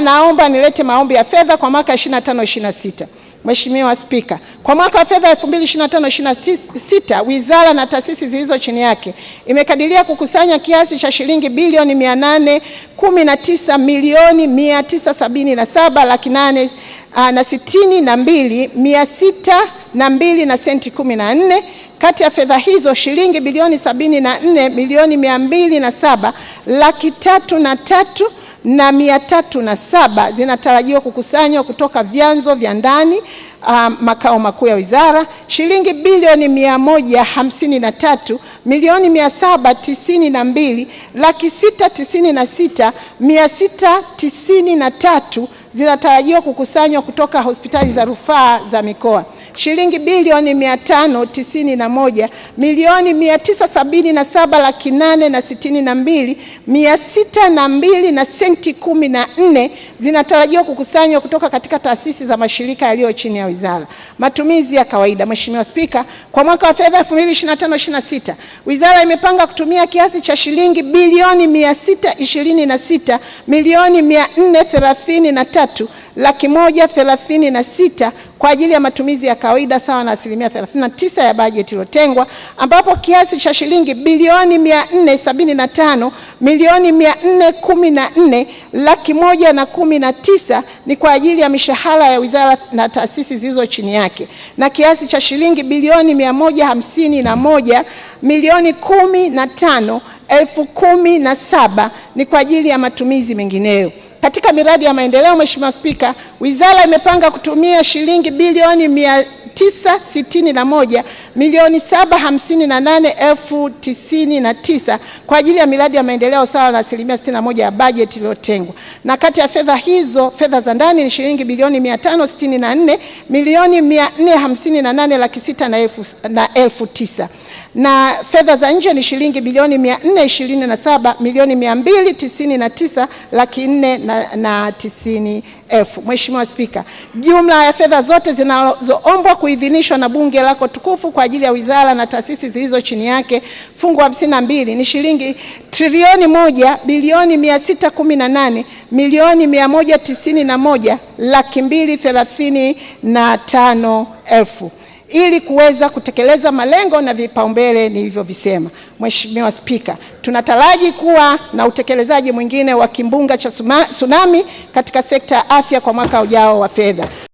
naomba nilete maombi ya fedha kwa mwaka 25 26. Mheshimiwa Spika, kwa mwaka wa fedha 2025/26 wizara na taasisi zilizo chini yake imekadiria kukusanya kiasi cha shilingi bilioni 819 milioni 977 laki nane ah, na sitini na mbili mia sita na mbili na senti kumi na nne. Kati ya fedha hizo shilingi bilioni 74 milioni 207 laki tatu na tatu na mia tatu na saba zinatarajiwa kukusanywa kutoka vyanzo vya ndani um, makao makuu ya wizara shilingi bilioni mia moja hamsini na tatu milioni mia saba tisini na mbili laki sita tisini na sita mia sita tisini na tatu zinatarajiwa kukusanywa kutoka hospitali za rufaa za mikoa shilingi bilioni mia tano tisini na moja milioni mia tisa sabini na saba laki nane na sitini na mbili mia sita na mbili na senti kumi na nne zinatarajiwa kukusanywa kutoka katika taasisi za mashirika yaliyo chini ya wizara. Matumizi ya kawaida. Mheshimiwa Spika, kwa mwaka wa fedha 2025/26 wizara imepanga kutumia kiasi cha shilingi bilioni 626 milioni 433 laki moja sita kwa ajili ya matumizi ya kawaida sawa na asilimia 39 ya bajeti iliyotengwa, ambapo kiasi cha shilingi bilioni 475 milioni 414 laki moja na na tisa ni kwa ajili ya mishahara ya wizara na taasisi zilizo chini yake na kiasi cha shilingi bilioni mia moja hamsini na moja milioni kumi na tano elfu kumi na saba ni kwa ajili ya matumizi mengineyo. Katika miradi ya maendeleo, Mheshimiwa Spika, wizara imepanga kutumia shilingi bilioni mia 961 milioni 758 kwa ajili ya miradi ya maendeleo sawa na asilimia 61 ya bajeti iliyotengwa, na kati ya fedha hizo fedha za ndani ni shilingi bilioni 564 milioni 458 laki 6 na elfu, na elfu tisa na fedha za nje ni shilingi bilioni 427 milioni 299 laki 4 na tisini Mheshimiwa Spika, jumla ya fedha zote zinazoombwa kuidhinishwa na bunge lako tukufu kwa ajili ya wizara na taasisi zilizo chini yake fungu hamsini na mbili ni shilingi trilioni moja bilioni mia sita kumi na nane milioni mia moja tisini na moja laki mbili thelathini na tano elfu ili kuweza kutekeleza malengo na vipaumbele nilivyovisema. Mheshimiwa Spika, tunataraji kuwa na utekelezaji mwingine wa kimbunga cha tsunami katika sekta ya afya kwa mwaka ujao wa fedha.